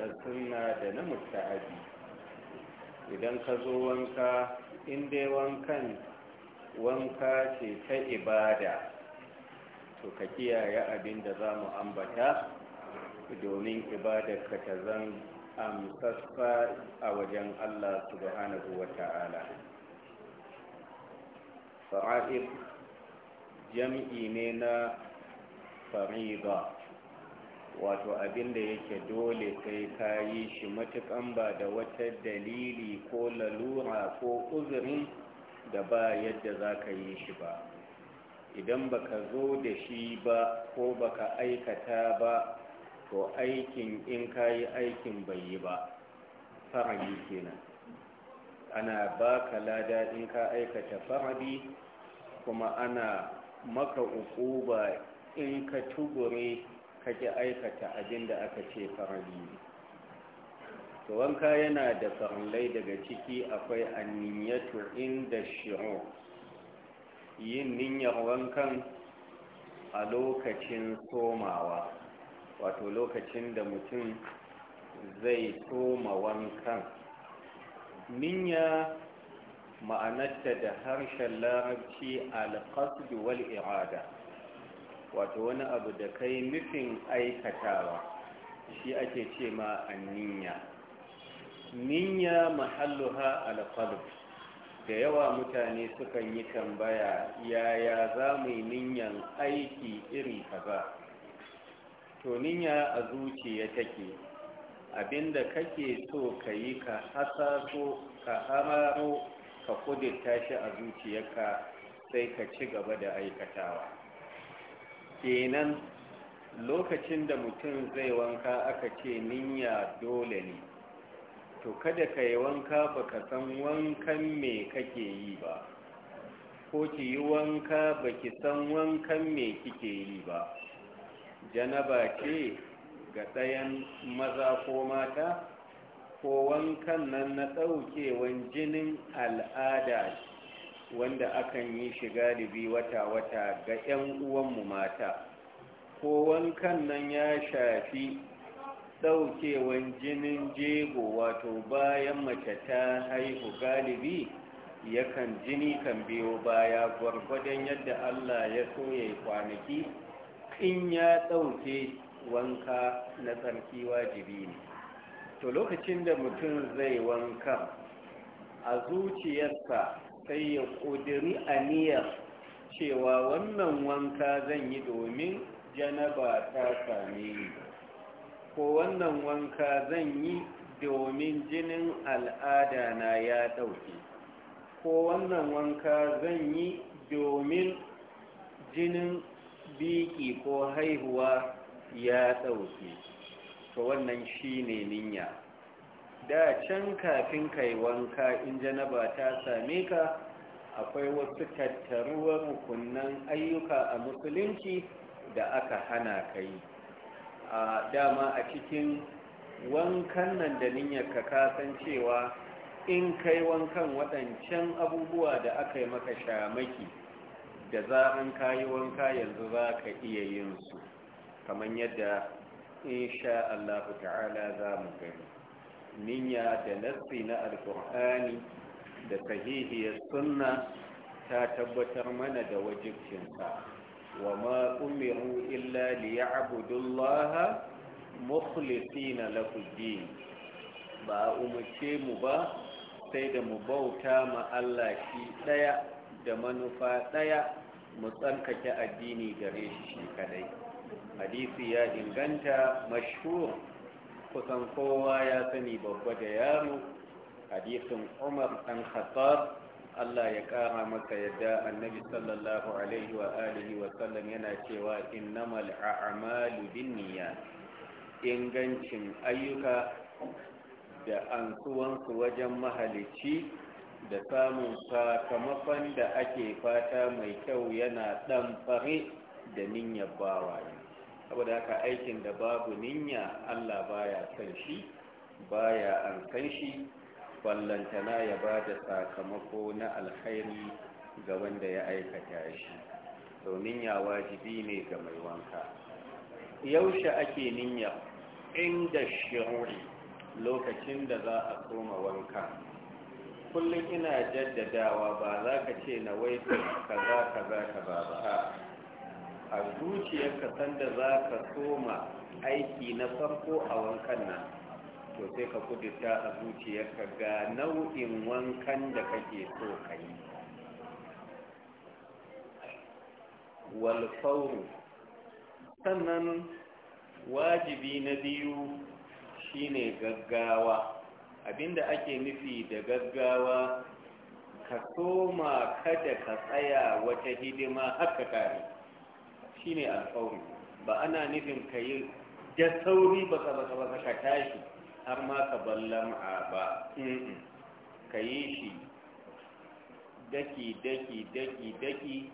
na sunna da na mustahabi idan ka zo wanka inda wankan wanka ce ta ibada to ka kiyaye abin da za mu ambata domin ka ta zan amsassa a wajen Allah subhanahu wa ta'ala fara'ib jam'i ne na fariba wato abin da yake dole sai ka yi shi matukan ba da wata dalili ko lalura ko uzurin da ba yadda za ka yi shi ba idan ba ka zo da shi ba ko ba ka aikata ba to aikin in ka yi aikin bai yi ba faradi kenan ana ba ka lada in ka aikata farabi kuma ana maka ukuba in ka tubure kake aikata abin da aka ce farali to wanka yana da farallai daga ciki akwai anniyatu inda shi'u yin niyyar wankan a lokacin somawa wato lokacin da mutum zai soma wankan niyya ma'anarta da harshen larabci alƙasdu wal irada wato wani abu da kai nufin aikatawa shi ake ce ma a ninya Ninya mahalluha alqalb da yawa mutane sukan yi tambaya yaya za mu yi ninyan aiki iri kaza to ninya a zuciya take abinda kake so ka yi ka hasaso ka hararo ka kudurta shi a zuciyarka sai ka ci gaba da aikatawa kenan lokacin da mutum zai wanka aka ce niyya dole ne to kada ka yi wanka baka san wankan me kake yi ba ko ki yi wanka baki san wankan me kike yi ba janaba ce ga ɗayan maza ko mata ko wankan nan na ɗaukewan jinin al'ada wanda akan yi shi galibi wata-wata ga 'yan uwanmu mata ko wankan nan ya shafi ɗaukewan jinin jego wato bayan mace ta haihu galibi yakan jini kan biyo baya gwargwadon yadda allah ya so kwanaki in ya ɗauke wanka na tsarki wajibi ne to lokacin da mutum zai wanka a zuciyarsa sai ya ƙudiri aniyar cewa wannan wanka zan yi domin janaba ta same ni ko wannan wanka zan yi domin jinin al'ada na ya ɗauke ko wannan wanka zan yi domin jinin biki ko haihuwa ya ɗauke to wannan shi ne ninya da can kafin kai wanka in janaba ta same ka akwai wasu tattaruwar rukunan ayyuka a musulunci da aka hana ka yi a dama a cikin wankan nan da niyyarka kasan cewa in kai wankan waɗancan abubuwa da aka yi maka shamaki da za an kayi wanka yanzu za ka iya yin su kamar yadda insha Allah ta'ala za mu gani niyya da nassi na alkur'ani da sahihiyar sunna ta tabbatar mana da wajibcinsa wa ma umiru illa liya'budullaha mukhlisina lahu din ba umarce mu ba sai da mu bauta ma Allah shi daya da manufa daya mu tsarkake addini gare shi kadai hadisi ya inganta mashhur kusan kowa ya sani babba da yaro hadisin umar dan khattab Allah ya kara maka yadda annabi sallallahu alaihi wa alihi wa sallam yana cewa innamal a'malu binniyat ingancin ayyuka da ansuwansu wajen mahalici da samun sakamakon da ake fata mai kyau yana dan fare da niyyar bawaye saboda haka aikin da babu ninya Allah baya san shi baya an san shi ballantana ya ba da sakamako na alkhairi ga wanda ya aikata shi domin ya wajibi ne ga mai wanka yaushe ake ninya inda shiruri lokacin da za a koma wanka kullum ina jaddadawa ba za ka ce na waifin kaza kaza kaza ba a zuciyarka sanda za ka soma aiki na farko a wankan nan to sai ka kudita a zuciyarka ga nau'in wankan da kake so ka yi walfauru sannan wajibi na biyu shine gaggawa abinda ake nufi da gaggawa ka soma kada ka tsaya wata hidima haka kare shine alƙawari ba ana nufin ka yi da sauri ba ka baka baka ka tashi har ma ka ballam a ba ka yi shi daki daki daki daki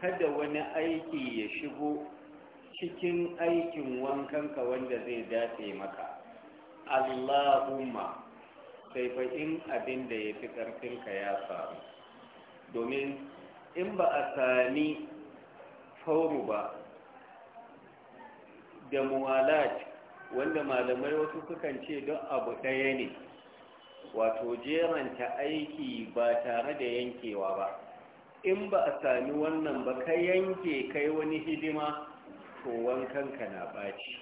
kada wani aiki ya shigo cikin aikin wankanka wanda zai dace maka allahumma sai fa in abin da ya fi ƙarfinka ya faru. domin in ba a sami fauru ba da muwalat wanda malamai wasu sukan ce don abu ɗaya ne wato jeranta aiki ba tare da yankewa ba in ba a sami wannan ba ka yanke kai wani hidima to wankanka na ɓaci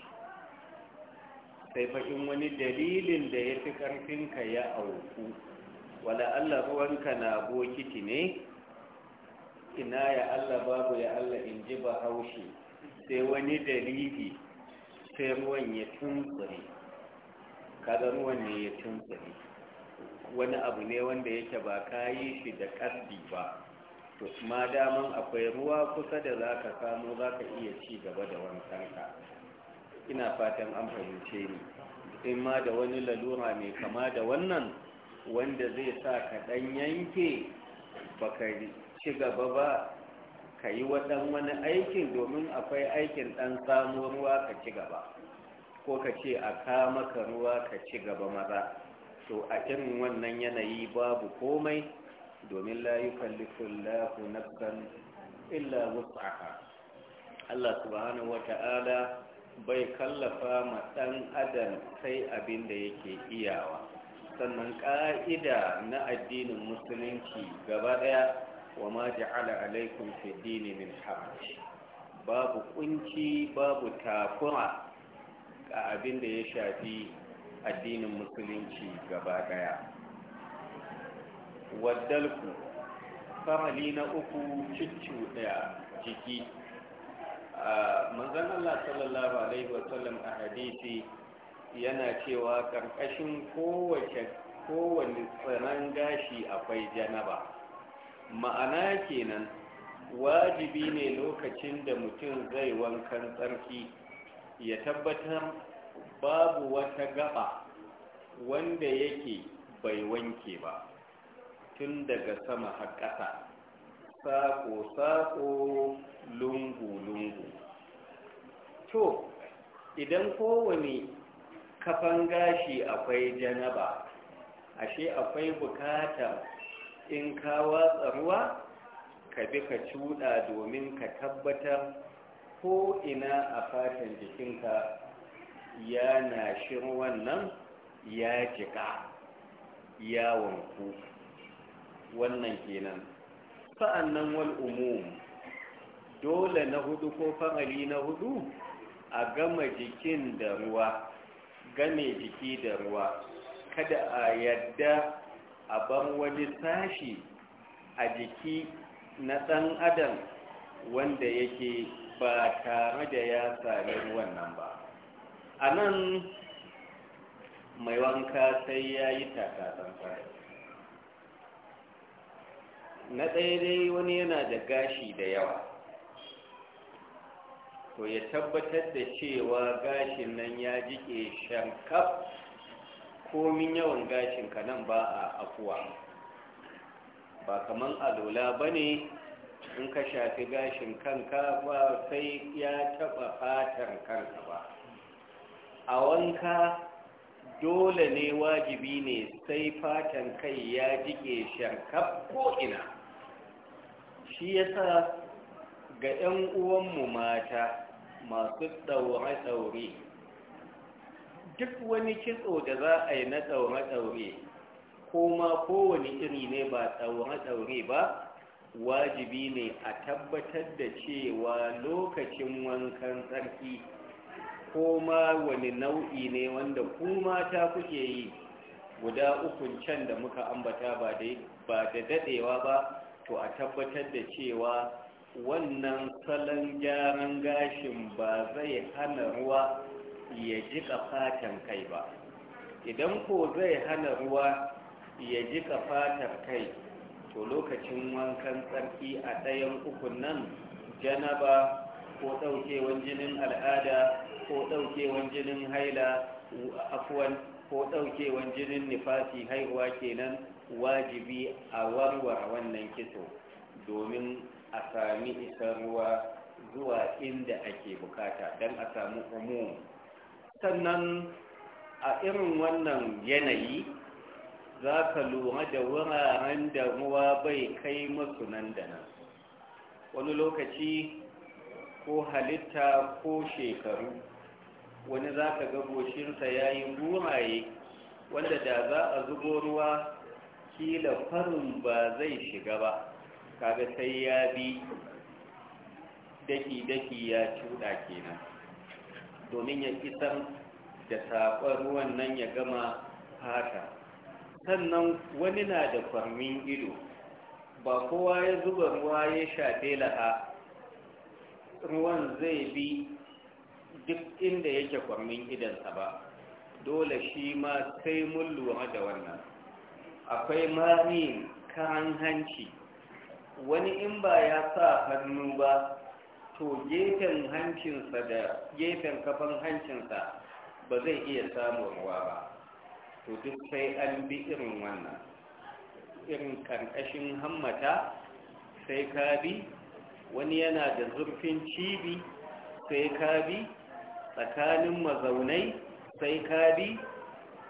sai faɗin wani dalilin da ya fi ƙarfinka ya auku wala Allah ruwanka na bokiti ne ina ya Allah babu ya Allah in ji ba haushi sai wani dalili sai ruwan ya tunsuri kada ruwan ne ya tunsuri wani abu ne wanda yake ba ka yi shi da ƙasbi ba to ma daman akwai ruwa kusa da za ka samu za ka iya ci gaba da wankanka ina fatan an fahimce ni in ma da wani lalura mai kama da wannan wanda zai sa ka ɗan yanke baka ci gaba ba ka yi waɗan wani aikin domin akwai aikin ɗan samu ruwa ka ci gaba ko ka ce a kama ka ruwa ka ci gaba maza to a irin wannan yanayi babu komai domin layukan na kan illa wus'aha Allah subhanahu wata'ala bai kallafa ma ɗan adam sai abin da yake iyawa sannan ƙa'ida na addinin musulunci gaba ɗaya wa ma ja'ala alaikum dini min haraj babu kunci babu takura a abin da ya shafi addinin musulunci gabaɗaya. daya waddalku farali na uku ciccu daya jiki manzon Allah sallallahu alaihi wasallam hadisi yana cewa ƙarƙashin kowace kowane tsiran gashi akwai janaba ma'ana kenan wajibi ne lokacin da mutum zai wankan tsarki ya tabbatar babu wata gaba wanda yake bai wanke ba tun daga sama har ƙasa sako lungu-lungu to idan kowane kafan gashi akwai janaba ashe akwai bukatar in ka watsa ruwa ka bi ka cuɗa domin ka tabbatar ko ina a fatan jikinka ya na ruwan wannan ya jika ya wanku wannan kenan sa'annan wal umum dole na hudu ko fa'ali na hudu a gama jikin da ruwa game jiki da ruwa kada a yadda a ban wani sashi a jiki na ɗan adam wanda yake ba tare da ya sami ruwan nan ba a nan mai wanka sai ya yi takasan na ɗaya dai wani yana da gashi da yawa to ya tabbatar da cewa gashin nan ya jike shankaf komin yawan gashin ka nan ba a afuwa ba kaman alola ba ne in ka shafi gashin kanka ba sai ya taɓa fatar kanka ba a wanka dole ne wajibi ne sai fatan kai ya jike sharkar ko'ina shi yasa ga 'yan uwanmu mata masu ɗaure-ɗaure duk wani kitso da za a yi na tsaure-tsaure ko ma kowane iri ne ba tsaure-tsaure ba wajibi ne a tabbatar da cewa lokacin wankan tsarki ko ma wani nau'i ne wanda kuma ta kuke yi guda ukun can da muka ambata ba da dadewa ba to a tabbatar da cewa wannan salon gyaran gashin ba zai hana ruwa ya jiƙa fatan kai ba idan ko zai hana ruwa ya jiƙa fatar kai to lokacin wankan tsarki a ɗayan ukun nan janaba ko ɗaukewan jinin al'ada ko ɗaukewan jinin haila afuwan ko ɗaukewan jinin nifasi haihuwa kenan wajibi a warware wannan kitso domin a sami isar ruwa zuwa inda ake bukata don a samu umu sannan a irin wannan yanayi za ka lura da wuraren da ruwa bai kai masu nan da nan wani lokaci ko halitta ko shekaru wani za ka ga goshinsa ya yi buraye wanda da za a zubo ruwa kila farin ba zai shiga ba kaga sai ya bi daki-daki ya cuɗa kenan domin ya isar da saƙon wannan ya gama fata sannan wani na da kwarmin ido ba kowa ya zuba ruwa ya shafe laha ruwan zai bi duk inda yake kwarmin idansa ba dole shi ma kai mun lura da wannan akwai mamin karan hanci wani in ba ya sa hannu ba to gefen hancinsa da gefen kafan hancinsa ba zai iya samun ruwa ba to duk sai an bi irin wannan irin karkashin hammata sai ka bi wani yana da zurfin cibi sai ka bi tsakanin mazaunai sai ka bi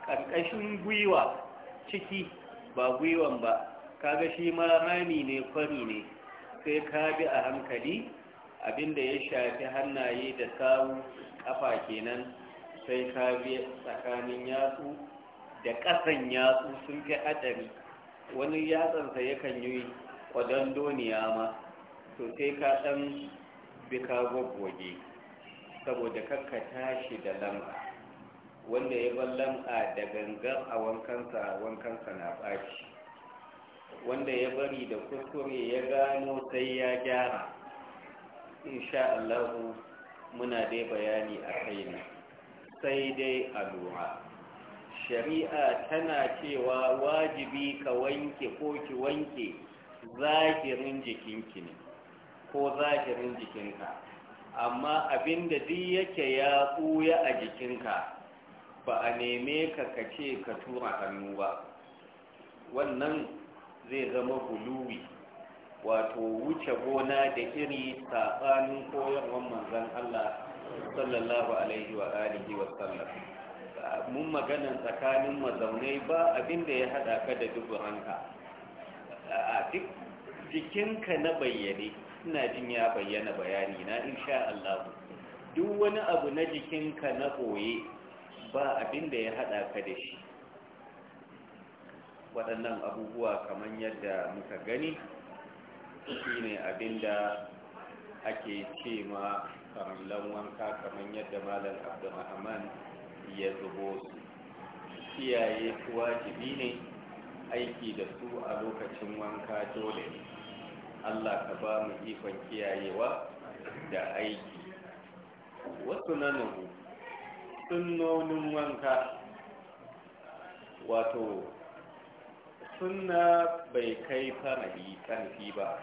karkashin gwiwa ciki ba gwiwan ba kaga shi ma rami ne kwari ne sai ka bi a hankali abin da ya shafi hannaye da sawu kafa kenan sai ka tsakanin yatsu da ƙasan yatsu sun fi haɗari wani yatsansa yakan yi kwadandoniya ma to sai ka ɗan bi ka saboda kakka tashi da lam'a wanda ya ban lam'a da gangan a wankansa wankansa na ɓaci wanda ya bari da kuskure ya gano sai ya gyara insha Allah muna dai bayani a kai ne sai dai a shari'a tana cewa wajibi ka wanke ko ki wanke zahirin jikinki ne ko zahirin jikinka amma abinda duk yake ya ɓuya a jikinka ba a neme ka kace ka tura hannu ba wannan zai zama guluwi wato wuce gona da iri saɓanin koyarwar manzan Allah sallallahu alaihi wa alihi wa sallam mun maganan tsakanin mazaunai ba abin da ya haɗa ka da duburanka a duk jikinka na bayyane ina jin ya bayyana bayani na insha Allah duk wani abu na jikinka na koye ba abin da ya haɗa ka da shi waɗannan abubuwa kamar yadda muka gani shi ne abinda ake ce ma farallan wanka kamar yadda malam abdulrahman ya zubo su kiyaye kuwa wajibi ne aiki da su a lokacin wanka dole allah ka ba mu ikon kiyayewa da aiki wasu na nuhu sunnonin wanka wato sunna bai kai farali ƙarfi ba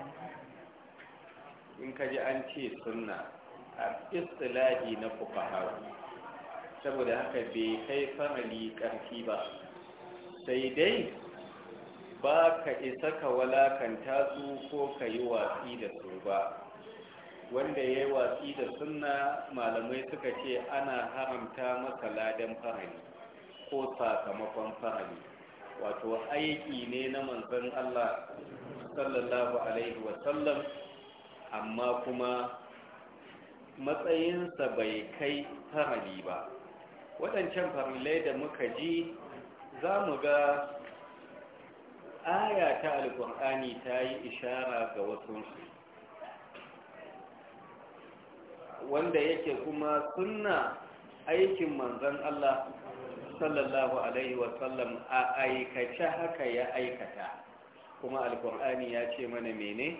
in ka an ce sunna a istilahi na fukahawa saboda haka bai kai farali ƙarfi ba sai dai ba ka isa ka walakanta su ko ka yi watsi da su ba wanda ya yi watsi da sunna malamai suka ce ana haramta masa ladan farali ko sakamakon farali wato aiki ne na manzon Allah sallallahu alaihi wasallam amma kuma matsayinsa bai kai farali ba waɗancan farilai da muka ji za mu ga aya ta alkur'ani ta yi ishara ga wasu wanda yake kuma sunna aikin manzan Allah sallallahu alaihi wasallam a aikace haka ya aikata kuma alkur'ani ya ce mana mene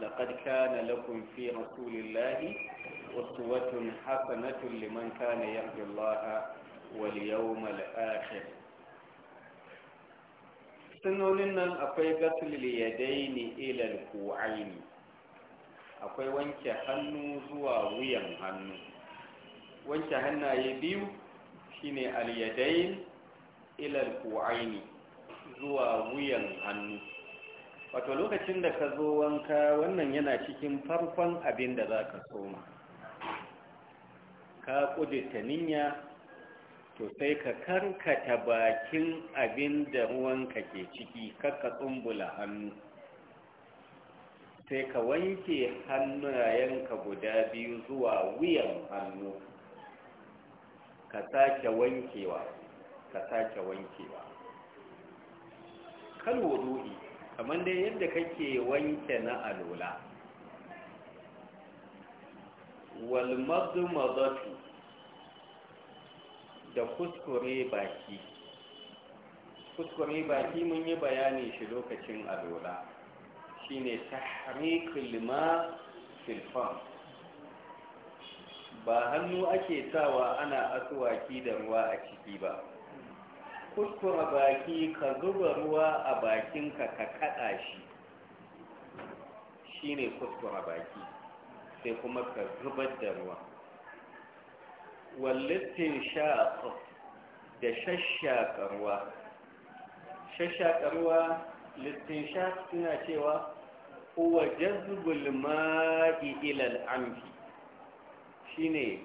laqad kana lakum fi rasulillahi uswatun hasanatun liman kana yarjullaha wal yawmal akhir sunnonin nan akwai gaslil yadaini ila alqu'aini akwai wanke hannu zuwa wuyan hannu wanke hannaye biyu shine al-yadayn ila al zuwa wuyan hannu wato lokacin da ka zo wanka wannan yana cikin farkon abin da za ka soma ka kudita niyya to sai ka karkata bakin abin da ruwanka ke ciki karka tsumbula hannu sai ka wanke hannayenka guda biyu zuwa wuyan hannu ka sake wankewa ka sake wankewa kal wudu'i kamar dai yadda kake wanke na alola wal madmadatu da kuskure baki kuskure baki mun yi bayani shi lokacin alola shine tahriqul ma fil fam ba hannu ake sawa ana asuwaki da ruwa a ciki ba kuskura baki ka zuba ruwa a bakinka ka kada shi Shi ne kuskura baki sai kuma ka zubar da ruwa wallittin sha'a da shashakarwa ruwa littin ruwa suna cewa 'Kuwa jazbul ma'i ilal amfi shine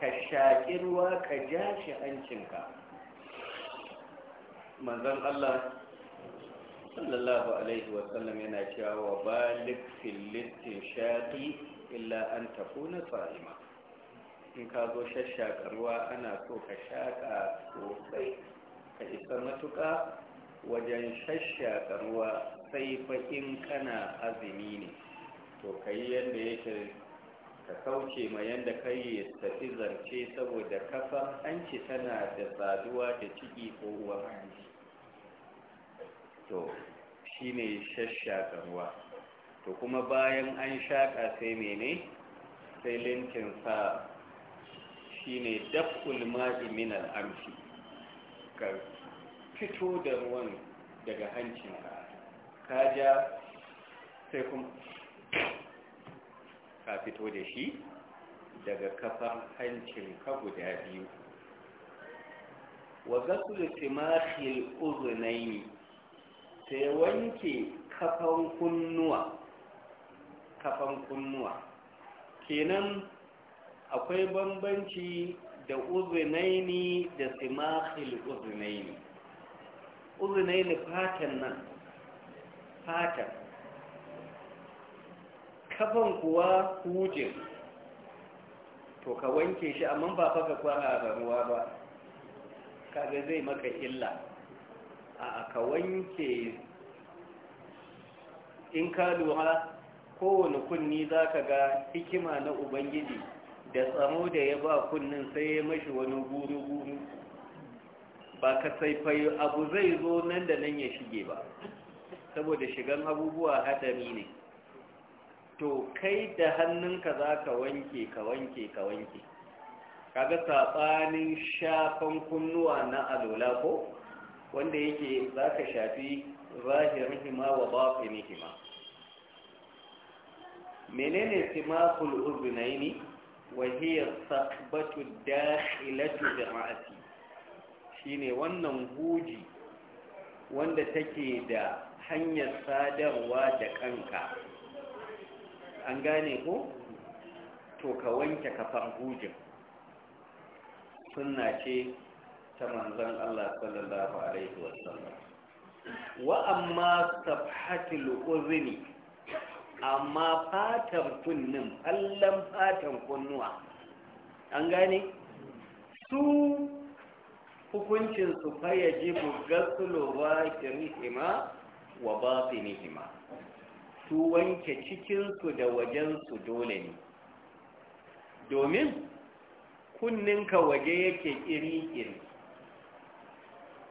ka shaƙi ruwa ka ja shi hancinka manzon Allah sallallahu alaihi wasallam yana cewa wa balik filistin shaƙi illa an tafi na sa'ima in ka zo shashaka ruwa ana so ka shaƙa sosai ka isa matuƙa wajen shashaka ruwa sai fa kana azumi ne to ka yi yadda yake ka kauce ma yanda kai ya tafi zarce saboda kafa hanci tana da saduwa da ciki ko uwar to shi ne ruwa to kuma bayan an shaƙa sai mene sai lintin sa ne dafkul ma'i min amshi ka fito da ruwan daga hancinka ka ja sai kuma ka fito da shi daga kafan hancin ka guda biyu wa gasulu timahil uzunaini sai wanke kafan kunnuwa kafan kunnuwa kenan akwai bambanci da uzunaini da timahil uzunaini uzunaini fatan nan fatan kafan kuwa hujin to ka wanke shi amma ba faka kwana a ruwa ba kaga zai maka illa a ka wanke in ka lura kowane kunni za ka ga hikima na ubangiji da tsaro da ya ba kunnin sai ya mashi wani guru-guru ba ka saifai abu zai zo nan da nan ya shige ba saboda shigan abubuwa hadari ne to kai da hannunka za ka wanke ka wanke ka wanke kaga saɓanin shafan kunnuwa na alola ko wanda yake za ka shafi zahirin hima wa bafin hima menene simakul uzunaini wa hiya saqbatu dakhilatu bi Shi shine wannan huji wanda take da hanyar sadarwa da kanka an gane ko to ka wanke kafan hujin sunna ce ta manzon Allah sallallahu alaihi wasallam wa amma safhatul uzni amma fatan kunnin allan fatan kunnuwa an gane su hukuncin su fa yajibu gaslu zahirihima wa batinihima su wanke cikinsu da wajensu dole ne domin kunninka waje yake iri-iri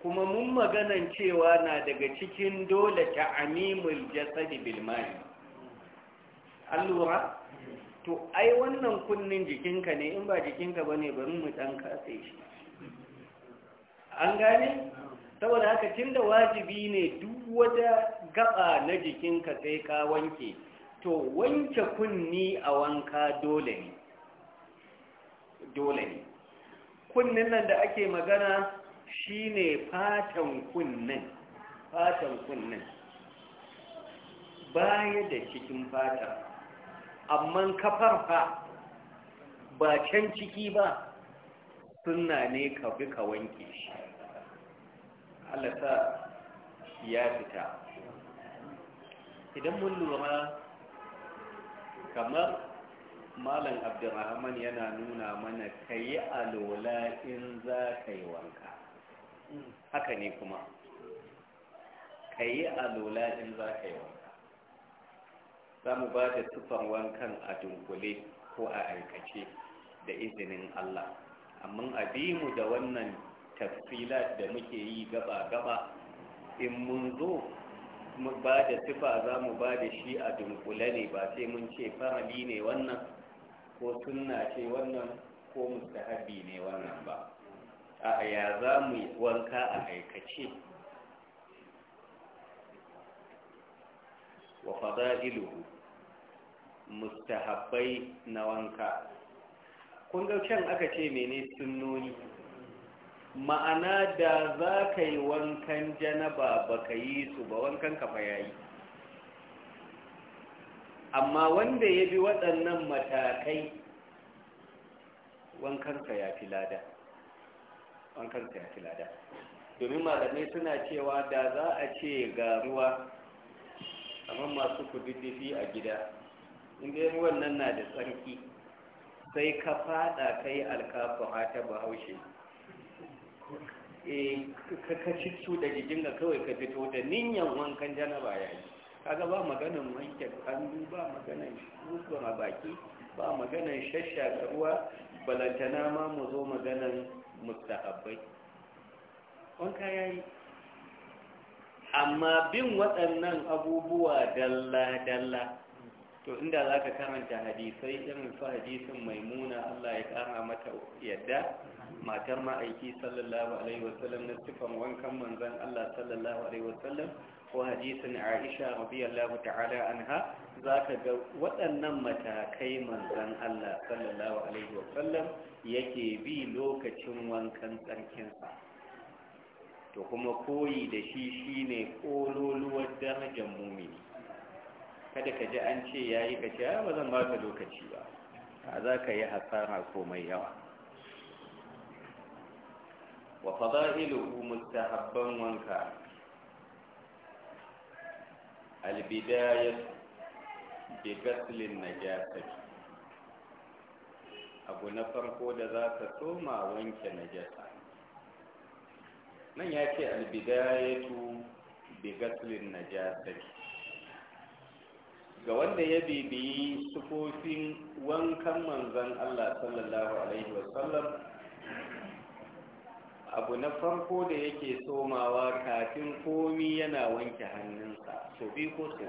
kuma mun maganan cewa na daga cikin dole ta amimul jasadi bilmani allura to ai wannan kunnin jikinka ne in ba jikinka ba ne bari mu ɗan katse shi an gane saboda haka tun da wajibi ne duk wata gaba na jikinka sai ka wanke to wanke kunni a wanka dole ne dole ne kunnin nan da ake magana shine fatan kunnin fatan kunnin baya da cikin fata amma kafar fa ba can ciki ba sunna ne ka bi ka wanke shi Allah sa ya fita idan mun lura kamar malam abdurrahman yana nuna mana ka yi alola in za ka yi wanka haka ne kuma ka yi alola in za ka yi wanka za mu ba da tufan wankan a dunkule ko a aikace da izinin allah amma a bi mu da wannan tafsilat da muke yi gaba-gaba in mun zo mu ba da sifa za mu ba da shi a dunkule ne ba sai mun ce fahali ne wannan ko sunna ce wannan ko mustahabi ne wannan ba a ya za mu wanka a aikace wa fada'iluhu mustahabbai na wanka kun ga aka ce mene sunnoni ma'ana da za ka yi wankan janaba ba ka yi su ba wankan kafa ya yi amma wanda ya bi waɗannan matakai wankanka ya fi lada ya fi lada domin malamai suna cewa da za a ce ga ruwa amma masu kududdufi a gida inda ruwan nan na da tsarki sai ka fada kai alkafa ta bahaushe Eh, ka su da jikinka kawai ka fito da niyyar wankan janaba ya yi kaga ba maganin wanke hannu ba maganin rukun a baki ba maganan da ruwa balantana ma mu zo maganin mustahabbai wanka ya yi amma bin waɗannan abubuwa dalla-dalla to inda za ka karanta hadisai irin su hadisin maimuna Allah ya ƙara mata yadda matar ma'aiki sallallahu alaihi wasallam na sifan wankan manzan Allah sallallahu alaihi wasallam ko hadisin Aisha radiyallahu ta'ala anha zaka ga waɗannan matakai manzan Allah sallallahu alaihi wasallam yake bi lokacin wankan tsarkinsa to kuma koyi da shi shine kololuwar darajar mumini kada ka ji an ce yayi ka ce ah, ba zan ba ka lokaci ba za ka yi hasara komai yawa wa fada'iluhu mustahabban wanka albidayat bi gaslin najasati abu na farko da za ka soma wanke najasa nan ya ce albidayatu bi gaslin najasati ga wanda ya bibiyi sufofin wankan manzon Allah sallallahu alaihi wasallam abu na farko da yake somawa kafin komi yana wanke hannunsa so bi ko so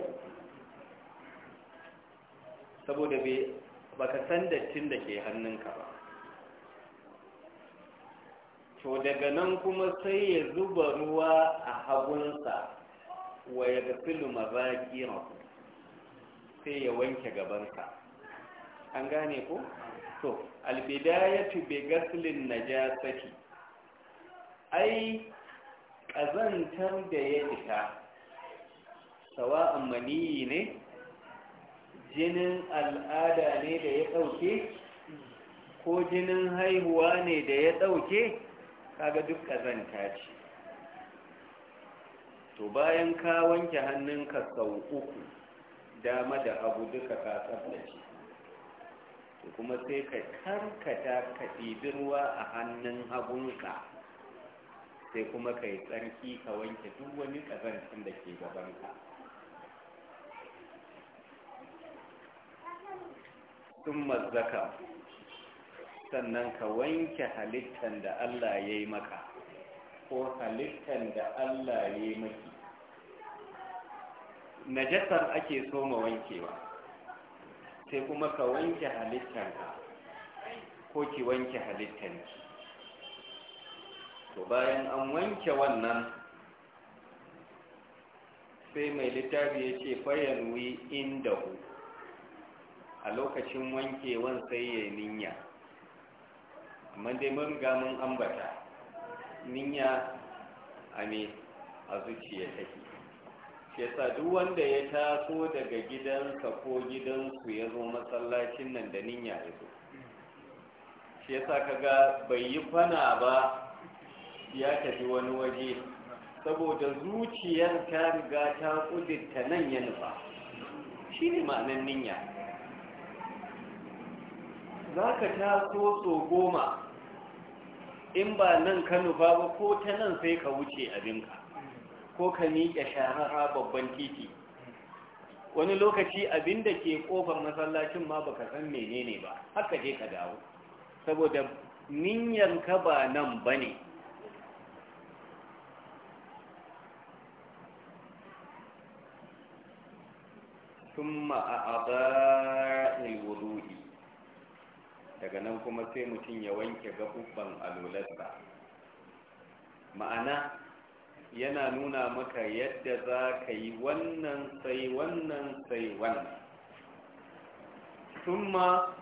saboda ba ka san dattin da ke hannunka ba to daga nan kuma sai ya zuba ruwa a hagunsa wa ya ga filu mazaki sai ya wanke gabansa an gane ko? to albidayatu tube gaslin najasati ai ƙazantar da ya fita Sawa maniyi ne jinin al'ada ne da ya ɗauke ko jinin haihuwa ne da ya ɗauke kaga duk ƙazanta ce to bayan ka wanke hannunka sau uku dama da abu duka ka shi. to kuma sai ka karkata ka ruwa a hannun hagunka sai kuma ka yi tsarki ka wanke duk wani ƙazancin da ke gabanka sun mazzaka sannan ka wanke halittar da Allah ya yi maka ko halittar da Allah ya yi maki najasar ake so ma wankewa sai kuma ka wanke halittar ka ko ki wanke halittar ki. to bayan an wanke wannan sai mai littafi ya ce fayanwi inda hu a lokacin wankewan sai ya ninya amma dai mun ga mun ambata ninya a ne a zuciya take ke sa duk wanda ya taso daga gidansa ko gidansu ya zo masallacin nan da niyya ya zo shi yasa kaga bai yi fana ba ya tafi wani waje saboda zuciyar ta riga ta kudurta nan ya nufa shi ne ma'anan ninya za ka taso so goma in ba nan ka nufa ba ko ta nan sai ka wuce abinka ko ka miƙe shahara babban titi wani lokaci abin da ke ƙofar masallacin ma baka san menene ba haka je ka dawo saboda niyyarka ba nan ba ne ثم أعضاء الوضوء daga nan kuma sai mutum ya wanke gaɓuɓɓen alolarsa ma'ana yana nuna maka yadda za ka yi wannan sai wannan sai wannan summa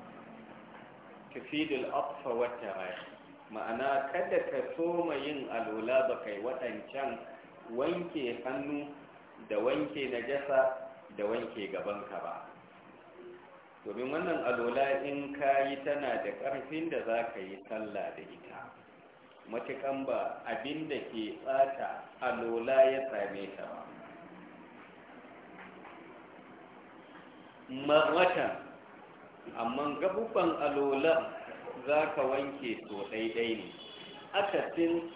tafidul afsa wata rashi ma'ana kada ka soma yin alola ba kai waɗancan wanke hannu da wanke najasa da wanke gabanka ba domin wannan alola in ka yi tana da ƙarfin da za ka yi sallah da ita matuƙan ba abin da ke tsata alola ya same ta ba wata amma gabubban alola za ka wanke so ɗaiɗai ne akasin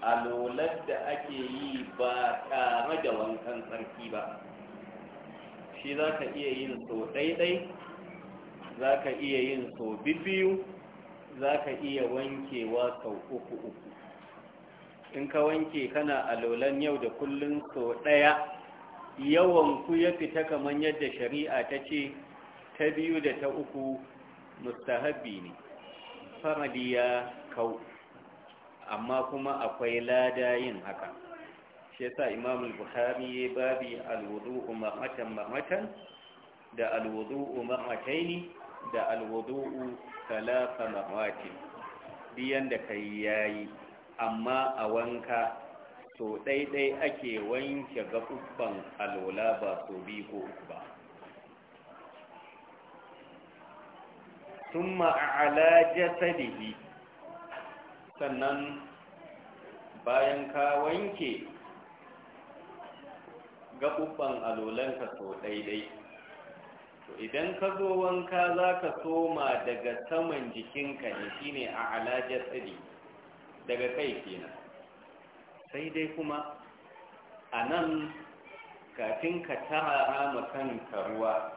alolar da ake yi ba tare da wankan tsarki ba shi za ka iya yin so ɗaiɗai za ka iya yin so bibiyu za ka iya wankewa sau uku uku in ka wanke kana alolan yau da kullun so ɗaya yawan ku ya fita kamar yadda shari'a ta ce ta biyu da ta uku mustahabbi ne faradiya kau amma kuma akwai lada yin haka shi yasa imam al-bukhari ya babi al-wudu'u marmatan marmatan da al-wudu'u da al-wudu'u thalatha marmatin biyan da kai yayi amma a wanka to daidai ake wanke kubban alola ba so biyu ko uku ba sun ala jasadihi sannan bayan ka wanke Gaɓuɓɓen alolanka so daidai to idan ka zo wanka za ka soma daga saman jikinka ne ne a alajar tsiri daga kai kenan sai dai kuma a nan kafin ka tara makanka ruwa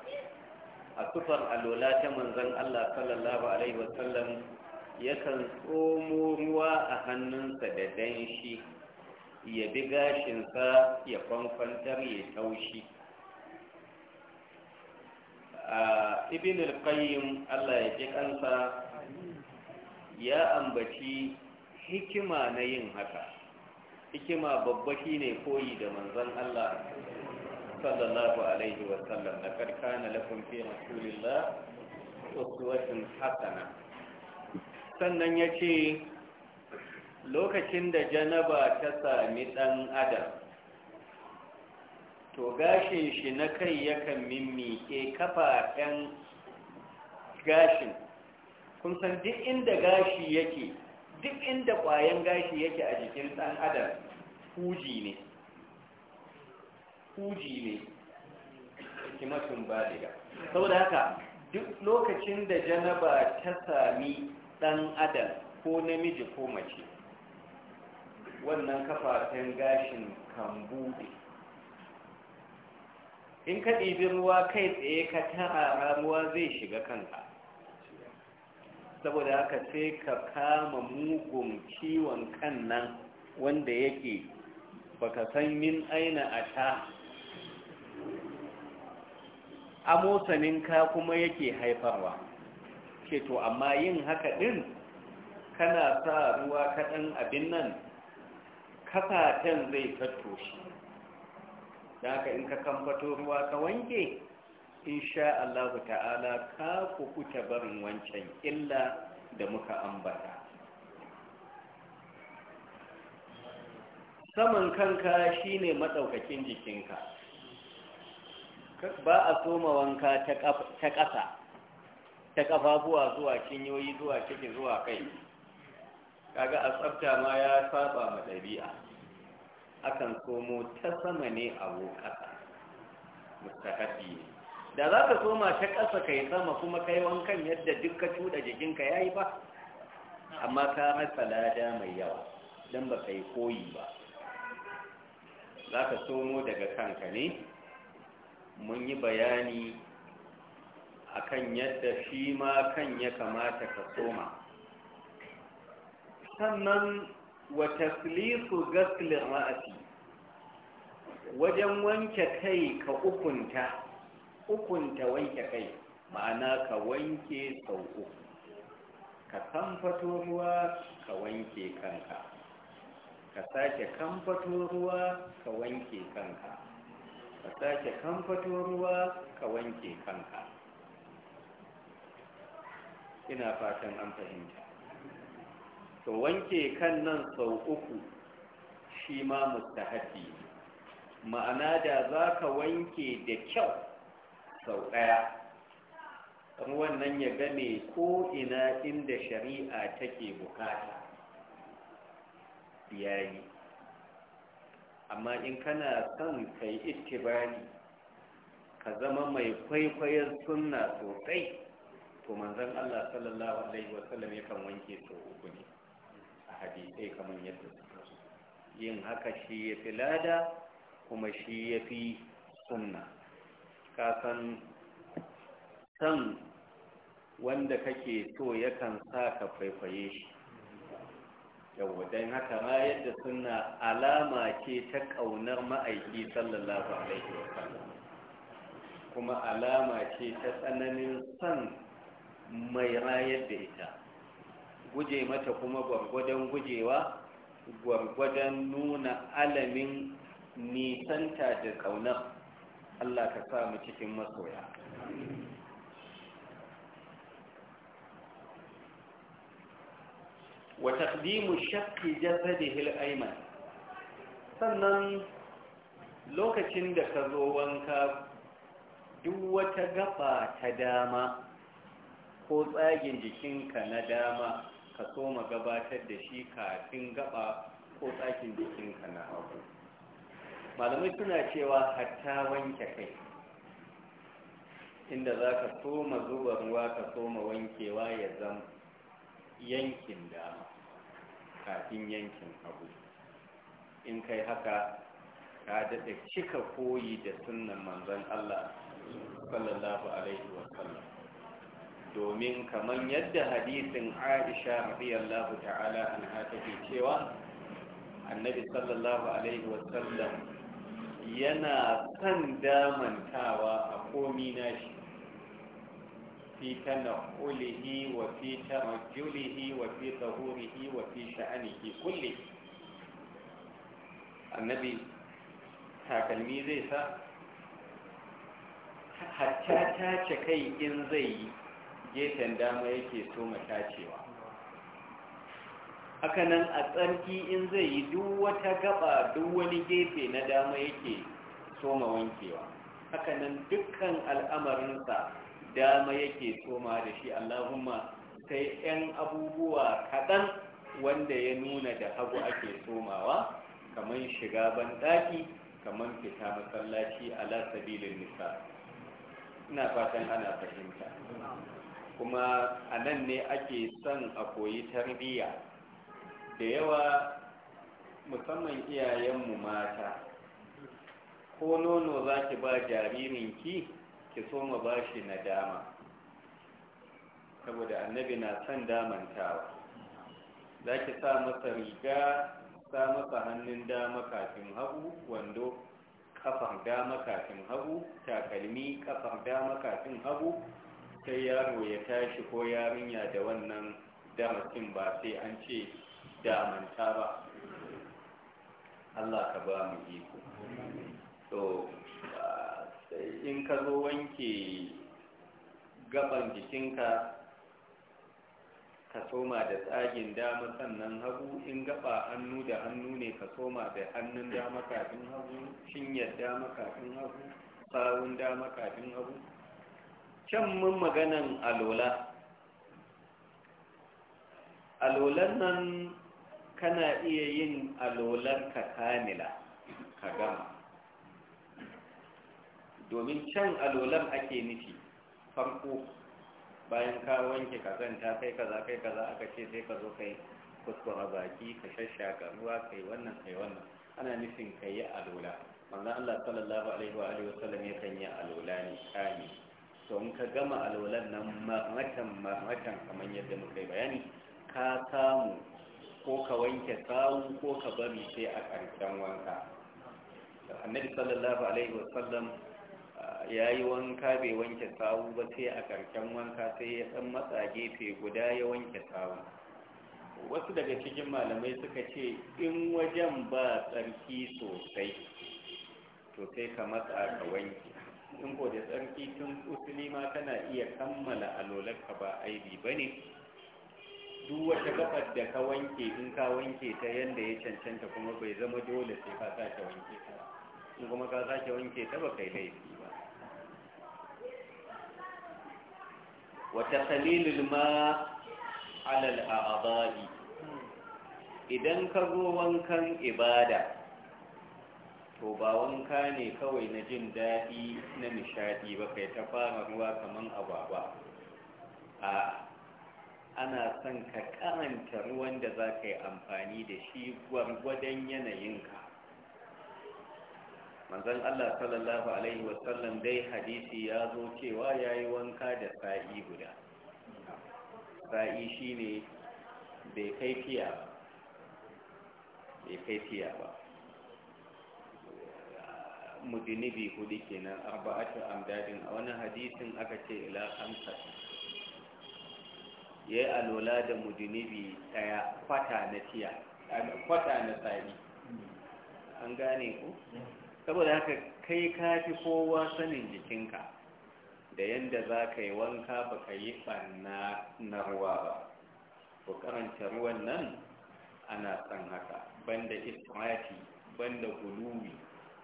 a tufar alola ta manzan Allah sallallahu Alaihi wasallam yakan tsomo ruwa a hannunsa da danshi ya bi gashinsa ya kwankwantar ya taushi a ibn al-qayyim Allah ya ji kansa ya ambaci hikima na yin haka hikima babba shine koyi da manzon Allah sallallahu alaihi wa sallam da karkana lakum fi rasulillah uswatun hasana sannan yace lokacin da janaba ta sami ɗan adam to gashin shi na kai yakan mimike kafa ɗan gashin kun san duk inda gashi yake duk inda ƙwayen gashi yake a jikin ɗan adam huji ne huji ne hikimatun baliga saboda haka duk lokacin da janaba ta sami ɗan adam ko namiji ko mace wannan kafafen gashin kan bude in ka ɗibi ruwa kai tsaye ka tara ruwa zai shiga kanka saboda haka sai ka kama mugun ciwon kan nan wanda yake baka san min aina a ta amosaninka kuma yake haifarwa ke to amma yin haka ɗin kana sa ruwa kaɗan abin nan kafaten zai shi da haka in ka kamfato ruwa ka wanke insha Allah ta'ala ka kukuta barin wancan illa da muka ambata saman kanka shine matsaukakin jikinka ba a soma wanka ta ƙasa ta ƙafafuwa zuwa cinyoyi zuwa ciki zuwa kai kaga a tsafta ma ya saba ma ɗabi'a akan komo ta sama ne a ƙasa mustahabi ne da za ka soma ta ƙasa kai sama kuma kai wankan yadda duk ka cuɗa jikinka ya yi ba amma ka rasa lada mai yawa don ba yi koyi ba za ka somo daga kanka ne mun yi bayani akan yadda shi ma kan ya kamata ka soma sannan wa taslisu gaslin ra'asi wajen wanke kai ka ukunta ukunta wanke kai ma'ana ka wanke sau uku ka kamfato ruwa ka wanke kanka ka sake kamfato ruwa ka wanke kanka ka sake kamfato ruwa ka wanke kanka ina fatan an fahimta to wanke kan nan sau uku shi ma mustahabi ma'ana da za ka wanke da kyau sau ɗaya ruwan nan ya game ko ina inda shari'a take bukata yayi amma in kana son ka yi ittibari ka zama mai kwaikwayon sunna sosai to manzon Allah sallallahu alaihi wasallam kan wanke sau uku ne a hadisai kamar yadda yin haka shi ya fi lada kuma shi ya fi sunna kasan san wanda kake so yakan sa ka faifaye shi yau haka ma yadda suna alama ce ta ƙaunar ma'aiki sallallahu alaihi wasallam kuma alama ce ta tsananin san mai rayar da ita guje mata kuma gwargwadon gujewa gwargwadon nuna alamin nisanta da ƙaunar Allah ka sa mu cikin masoya wa taqdimu shaqqi jasadihi al-ayman sannan lokacin da ka zo wanka duk wata gaba ta dama ko tsagin jikinka na dama ka soma gabatar da shi kafin gaba ko tsakin jikinka na hagu malamai suna cewa hatta wanke kai inda za ka soma zuba ruwa ka soma wankewa ya zama yankin da kafin yankin hagu in kai haka ka daɗa cika koyi da sunan manzon Allah sallallahu alaihi wasallam domin kamar yadda hadisin aisha radiyallahu ta'ala anha take cewa annabi sallallahu alaihi wasallam yana kan damantawa a komi nashi fi tanqulihi wa fi tarjulihi wa fi tahurihi wa fi sha'anihi kulli annabi takalmi zai sa hatta ta ce kai in zai yi gefen dama yake soma tacewa hakanan a tsarki in zai yi duk wata gaba duk wani gefe na dama yake soma wankewa hakanan dukkan al'amarinsa dama yake soma da shi allahumma sai 'yan abubuwa kaɗan wanda ya nuna da hagu ake somawa kamar shiga banɗaki kamar fita masallaci ala sabilin nisa ina fatan ana fahimta kuma a nan ne ake son a koyi tarbiyya da yawa musamman iyayenmu mata ko nono za ki ba jaririnki ki so ma ba shi na dama saboda annabi na son damantawa za ki sa masa riga sa masa hannun dama kafin hagu wando kafar dama kafin hagu takalmi kafar dama kafin hagu sai yaro ya tashi ko yarinya da wannan damakin ba sai an ce damanta ba Allah ka ba mu iko to in ka zo wanke gaban jikinka ka soma da tsagin dama sannan hagu in gaba hannu da hannu ne ka soma da hannun dama kafin hagu cinyar dama kafin hagu sawun dama kafin hagu can mun maganan alola alolan nan kana iya yin alolar ka kamila ka gama domin can alolan ake nufi farko bayan ka wanke ka zanta kai kaza kai kaza aka ce sai ka zo kai kuskura baki ka shashaka ruwa kai wannan kai wannan ana nufin kai alola manzo Allah sallallahu alaihi wa alihi wasallam yakan yi alola ne kamila to ka gama alwalan nan mamatan mamatan kamar yadda muka yi bayani ka samu ko ka wanke sawu ko ka bari sai a ƙarshen wanka annabi sallallahu alaihi wasallam ah, ya yi wanka bai wanke sawu ba sai a ƙarshen wanka sai ya san matsa gefe guda ya wanke sawu wasu daga cikin malamai suka ce in wajen ba tsarki sosai to sai ka matsa ka wanke in ko da tsarki tun usuli ma kana iya kammala alolarka ba aibi ba ne duk wata gabar da ka wanke in ka wanke ta yadda ya cancanta kuma bai zama dole sai ka sake wanke ta in kuma ka sake wanke ta ba kai laifi ba wata kalilul ma alal a'adadi idan ka zo wankan ibada to ba wanka ne kawai na jin daɗi na nishadi ba kai ta fara ruwa kaman ababa a ana son ka karanta ruwan da za ka yi amfani da shi gwargwadon yanayinka manzon allah sallallahu alaihi wasallam dai hadisi ya zo cewa ya yi wanka da sa'i guda sa'i shine bai kai fiya bai kai fiya ba mudinibi hudu kenan arba'atu amdadin a wani hadisin aka ce ila hamsa ya yi alola da mudinibi daya kwata na tiya kwata na tsari an gane ku saboda haka kai kafi fi kowa sanin jikinka da yadda za ka yi wanka ba ka yi ɓanna na ruwa ba ko karanta ruwan nan ana san haka banda ban banda guluwi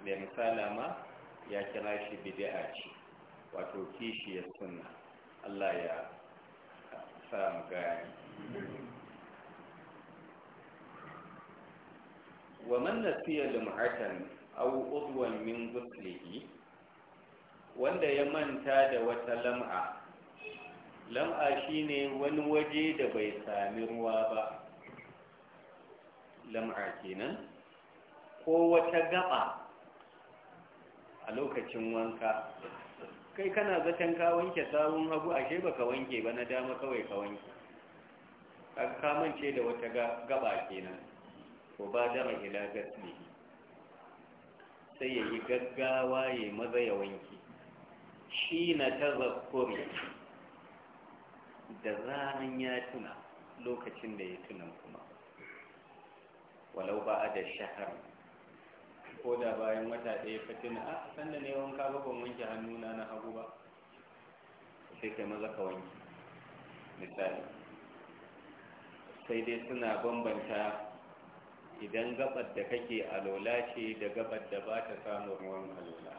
mai misala ma ya kira shi bidi'a ce wato kishi ya suna, Allah ya sa mu gani wa man nasiya lum'atan aw udwan min ghuslihi wanda ya manta da wata lam'a lam'a shine wani waje da bai sami ruwa ba lam'a kenan ko wata gaba a lokacin wanka kai kana zaton ka wanke sabon hagu ashe ka wanke ba na dama kawai ka wanke ka mance da wata gaba kenan ko ba dama ila gasbi sai yayi yi gaggawa ya maza ya wanke shi na tazakkuri da zaran ya tuna lokacin da ya tuna kuma walau ba a da shahar ko da bayan wata ɗaya ka a ah, sanda ne wanka ba ban wanke hannuna na hagu ba sai kai maza ka wanke misali sai dai suna bambanta idan gabar da kake a lola ce da gabar da ba ta samun ruwan lola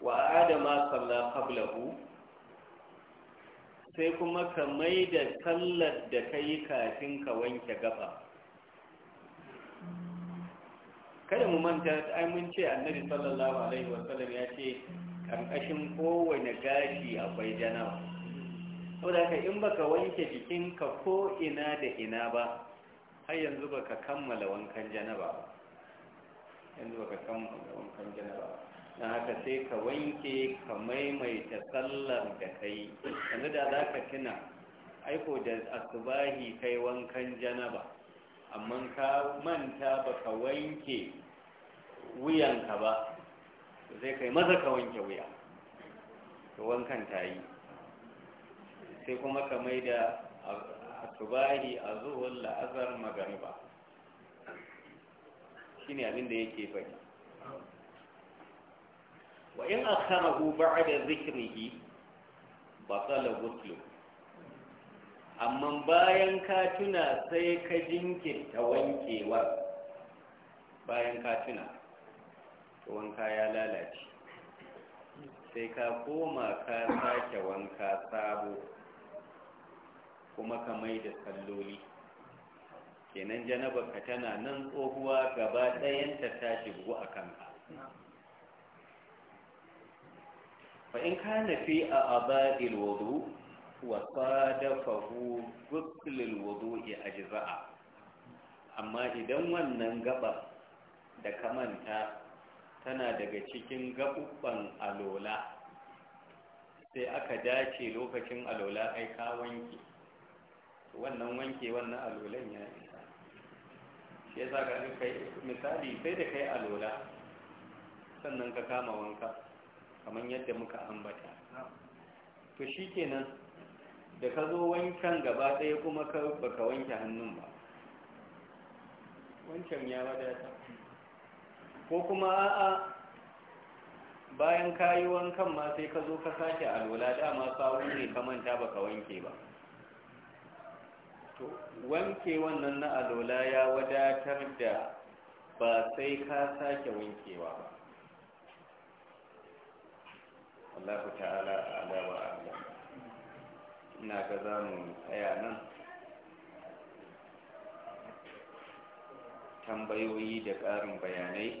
wa adama salla qablahu sai kuma ka mai da sallar da ka kafin ka wanke gaba kada mu manta ai mun ce annabi sallallahu alaihi wa sallam ya ce karkashin kowane gashi akwai janawa saboda ka in baka wanke jikinka ko ina da ina ba har yanzu baka kammala wankan janaba ba yanzu baka kammala wankan janaba ba na haka sai ka wanke ka maimaita sallar da kai yanzu da za ka tuna aiko da asubahi kai wankan janaba amma ka manta baka wanke wuyanka ba sai kai maza ka wanke wuya to wankan ta yi sai kuma ka mai da asubahi a zuhun la'azar magariba shi ne abinda yake faɗi wa in akharahu ba'da zikrihi batala ghuslu amma bayan ka tuna sai ka jinkirta wankewa bayan ka tuna wanka ya lalace sai ka koma ka sake wanka sabo kuma ka mai da salloli kenan janabarka tana nan tsohuwa gaba ɗayanta ta shigo a kanka fa in kana nafi a abadil wudu wa sadafahu ya aji za'a, amma idan wannan gaba da kamanta tana daga cikin gaɓuɓɓen alola sai aka dace lokacin alola ai ka wanke wannan wanke wannan alolan ya isa shi ya sa kai misali sai da kai alola sannan ka kama wanka kamar yadda muka ambata to shi kenan da ka zo wankan gaba ɗaya kuma ka baka wanke hannun ba wancan ya wadata ko kuma a'a bayan kayi wankan ma sai ka zo ka sake alwala dama sawun ne ka manta baka wanke ba to wanke wannan na alwala ya wadatar da ba sai ka sake wankewa ba Allah ta'ala ala wa ala ina ga zamu mu tsaya nan tambayoyi da ƙarin bayanai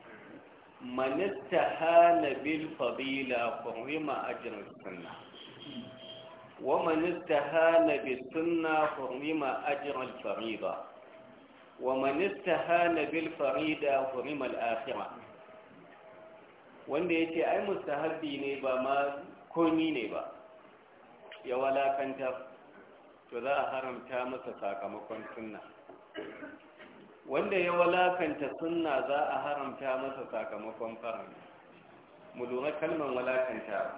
manista hana bil fadila hurima ajiyar sunna wa manista hana bil sunna hurima ajiyar farida wa manista hana farida hurima al'afira wanda ya ce ai mustahabi ne ba ma komi ne ba ya walakanta to za a haramta masa sakamakon sunna wanda ya walakanta sunna za a haramta masa sakamakon farami mu lura kalmar walakanta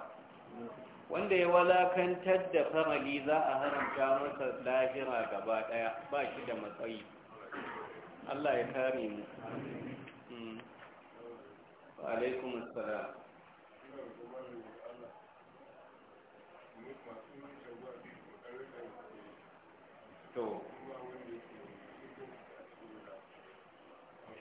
wanda ya walakantar da farali za a haramta masa lahira gaba daya ba shi da matsayi Allah ya kare mu hmm. alaikum assalam to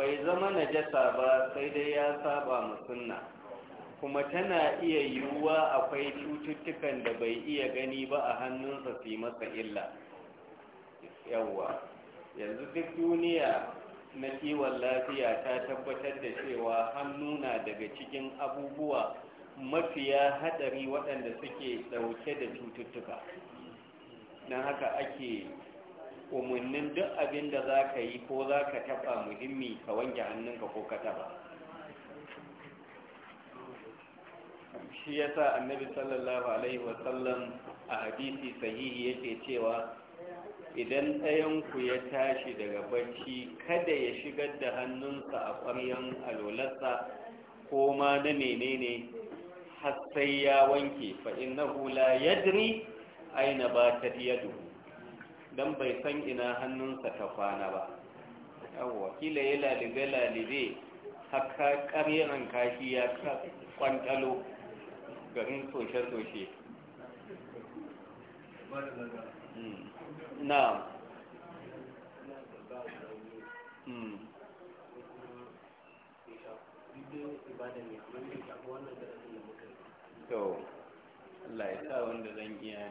bai zama najasa ba sai dai ya saba musunna kuma tana iya yiwuwa akwai cututtukan da bai iya gani ba a hannunsa su masa illa yawwa yanzu duk duniya na kiwon lafiya ta tabbatar da cewa hannu na daga cikin abubuwa mafiya hadari waɗanda suke ɗauke da cututtuka don haka ake umarnin duk abin da za ka yi ko za ka taɓa muhimmi ka wanke hannunka ko ka taɓa shi ya sa annabi sallallahu alaihi wasallam a hadisi sahihi yake cewa idan ɗayanku ya tashi daga bacci kada ya shigar da hannunsa a ƙwaryan alolarsa ko ma na menene har ya wanke fa'in na hula yadri aina ba ta yadu dan bai san ina hannunsa ta kwana ba yawwa kila ya lalibe lalibe haka karyaran kashi ya kwantalo garin soshe-soshe na hmm. Allah ya sa wanda zan iya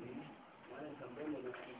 ne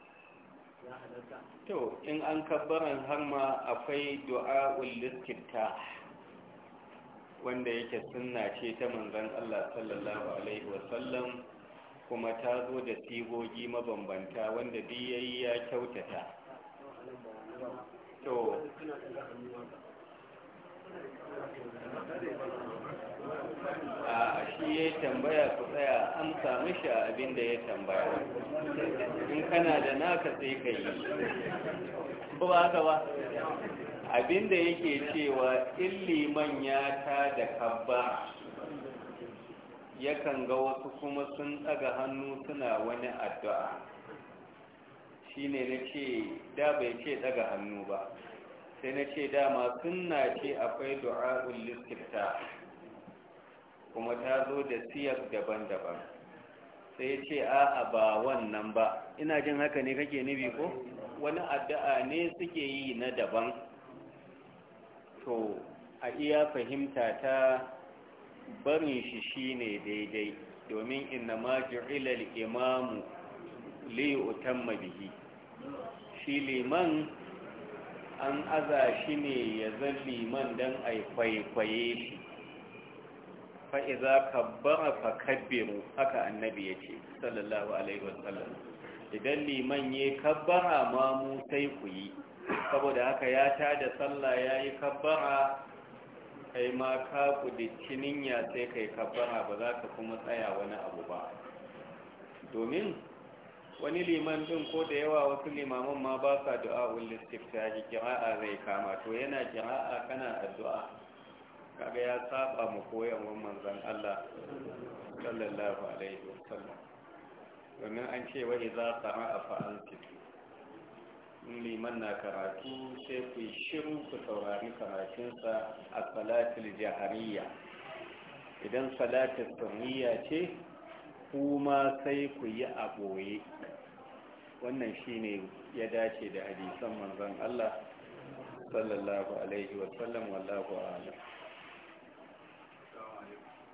to in an kabbaran har ma akwai du'a'ul listifta wanda yake sunna ce ta manzan Allah sallallahu alaihi wasallam kuma ta zo da sigogi mabambanta wanda duk ya kyautata to a shi ya tambaya ku tsaya An samu shi a abin da ya tambaya in kana da naka sai ka yi ba ba haka ba abin da yake cewa illiman ya ta da kabba yakan ga wasu kuma sun tsaga hannu suna wani addu'a shi ne na ce da bai ce tsaga hannu ba sai na ce dama sunna ce akwai du'a'ul listifta kuma ta zo da siyar daban-daban sai ce a'a ba wannan ba ina jin haka ne kake nubi ko wani addu'a ne suke yi na daban to a iya fahimta ta barin shi shine daidai domin inna ma ju'ila imamu li utamma bihi shi liman an aza shi ne ya zan liman don a kwaikwaye shi fa'iza kabbara fa kabbiru haka annabi ya ce sallallahu alaihi wasallam idan liman ya kabbara ma mu sai ku yi saboda haka ya tada sallah ya yi kabbara kai ma ka kudici ninya sai kai kabbara ba za ka kuma tsaya wani abu ba domin wani liman ɗin ko da yawa wasu limaman ma ba sa du'a yi kira'a zai kama to yana kira'a kana addu'a kaga ya saba mu koyarwar manzon Allah sallallahu alaihi wasallam domin an ce wa idza sama'a fa ansitu liman na karatu sai ku shiru ku saurari karatun sa a salatul jahariya idan salatul sunniya ce kuma sai ku yi a ɓoye wannan shine ya dace da hadisan manzon Allah sallallahu alaihi wasallam wallahu a'lam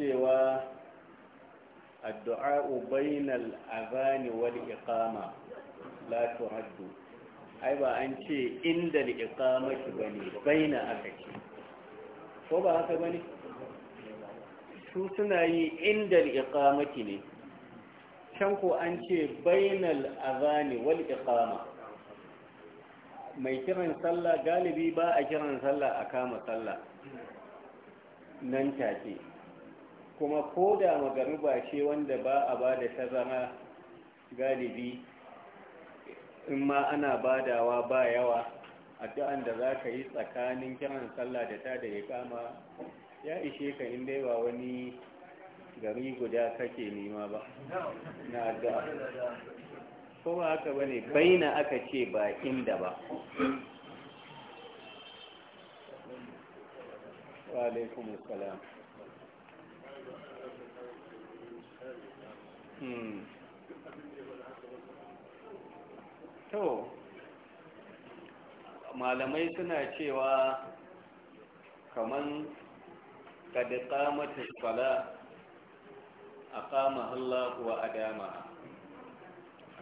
cewa addu'a bainal azani wal iqama la turaddu ai ba an ce inda al ba bane baina aka ce ko ba haka bane su suna yi inda al ne can ko an ce bainal azani wal iqama mai kiran sallah galibi ba a kiran sallah a kama sallah nan take kuma ko da ba ce wanda ba a ba da tazara galibi in ma ana badawa ba yawa addu'an da za ka yi tsakanin kiran sallah da ta da ya kama ya ishe ka in dai ba wani gari guda kake nema ba na addu'a ko ba haka bane baina aka ce ba inda ba wa alaikumussalam Hmm. to malamai suna cewa kaman kada kamata sala a kama hallahu wa adama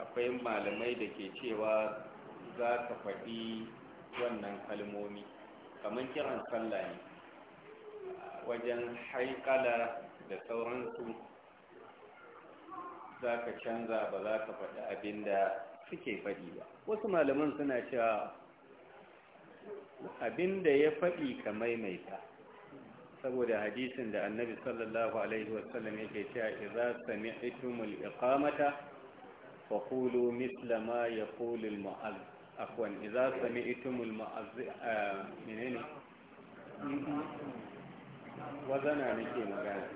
akwai malamai da ke cewa za ka faɗi wannan kalmomi kaman kiran sallah ne wajen haikala da sauransu za ka canza ba za ka faɗi abin da suke faɗi ba wasu malaman suna cewa abin da ya faɗi ka maimaita saboda hadisin da annabi sallallahu alaihi wasallam yake cewa idza sami'tumul iqamata faqulu mithla ma yaqulu al-mu'adh afwan idza sami'tumul mu'adh eh, menene wazana nake magana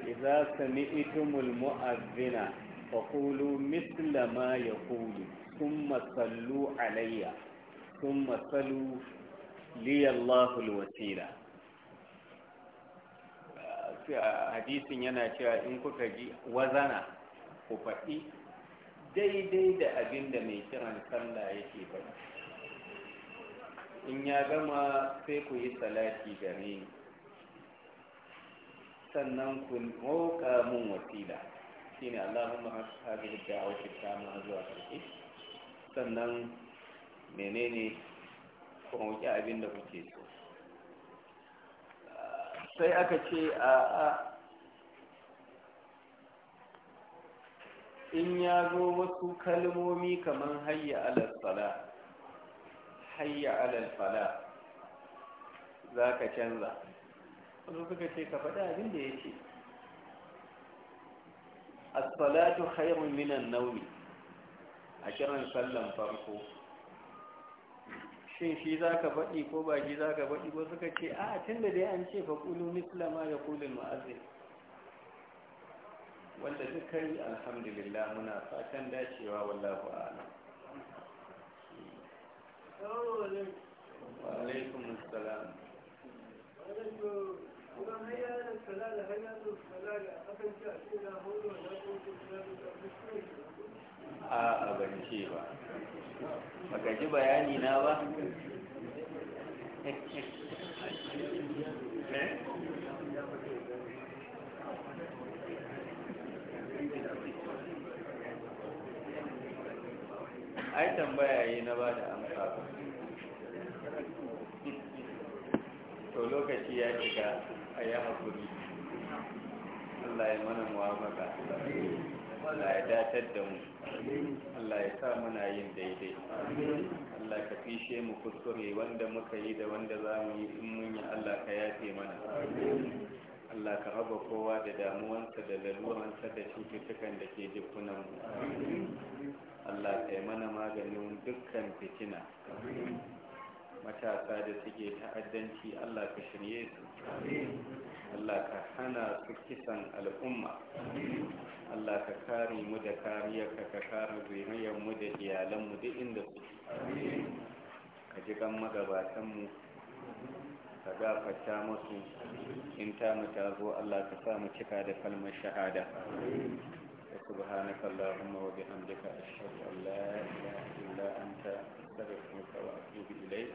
idza sami'tumul mu'adhdhina faqulu mithla ma yaqulu thumma sallu alayya thumma sallu li Allahu alwasila hadisin yana cewa in kuka ji wazana ku faɗi daidai da abin da mai kiran sallah yake faɗi in ya gama sai ku yi salati gare ni sannan ku moka mun wasila shine Allahumma hadhihi da'awati tamma zuwa ƙarshe sannan menene ku wuce abin da kuke so sai aka ce a a in ya zo wasu kalmomi kamar hayya alal sala hayya alal fala za ka canza wanda suka ce ka faɗi abin da ya ce as-salatu khairun minan nawmi a kiran sallan farko shin shi za ka faɗi ko ba shi za ka faɗi ko suka ce a tun da dai an ce fa ƙulu mislama ya ƙulun ma'azin wanda duka yi alhamdulillah muna fatan dacewa wallahu ala wa alaikum salam a ban ce ba baka ji bayani na ba eh? ai tambaya yi na ba da amsa to lokaci ya cika ya yi haƙuri Allah ya mana muwafaka Allah ya datar da mu Allah ya sa muna yin daidai Allah ka fishe mu kuskure wanda muka yi da wanda za mu yi in mun yi Allah ka yafe mana Allah ka raba kowa da damuwansa da laluransa da cututtukan da ke jikunan mu Allah ka yi mana maganin dukkan fitina matasa da suke ta'addanci Allah ka shirye su Allah ka hana su kisan al'umma Allah ka kare mu da kariyarka ka kare mu da iyalanmu duk inda su ka ji kan magabatanmu ka gafarta musu in ta mu ta zo Allah ka sa mu cika da kalmar shahada سبحانك اللهم وبحمدك أشهد أن لا إله إلا أنت أستغفرك وأتوب إليك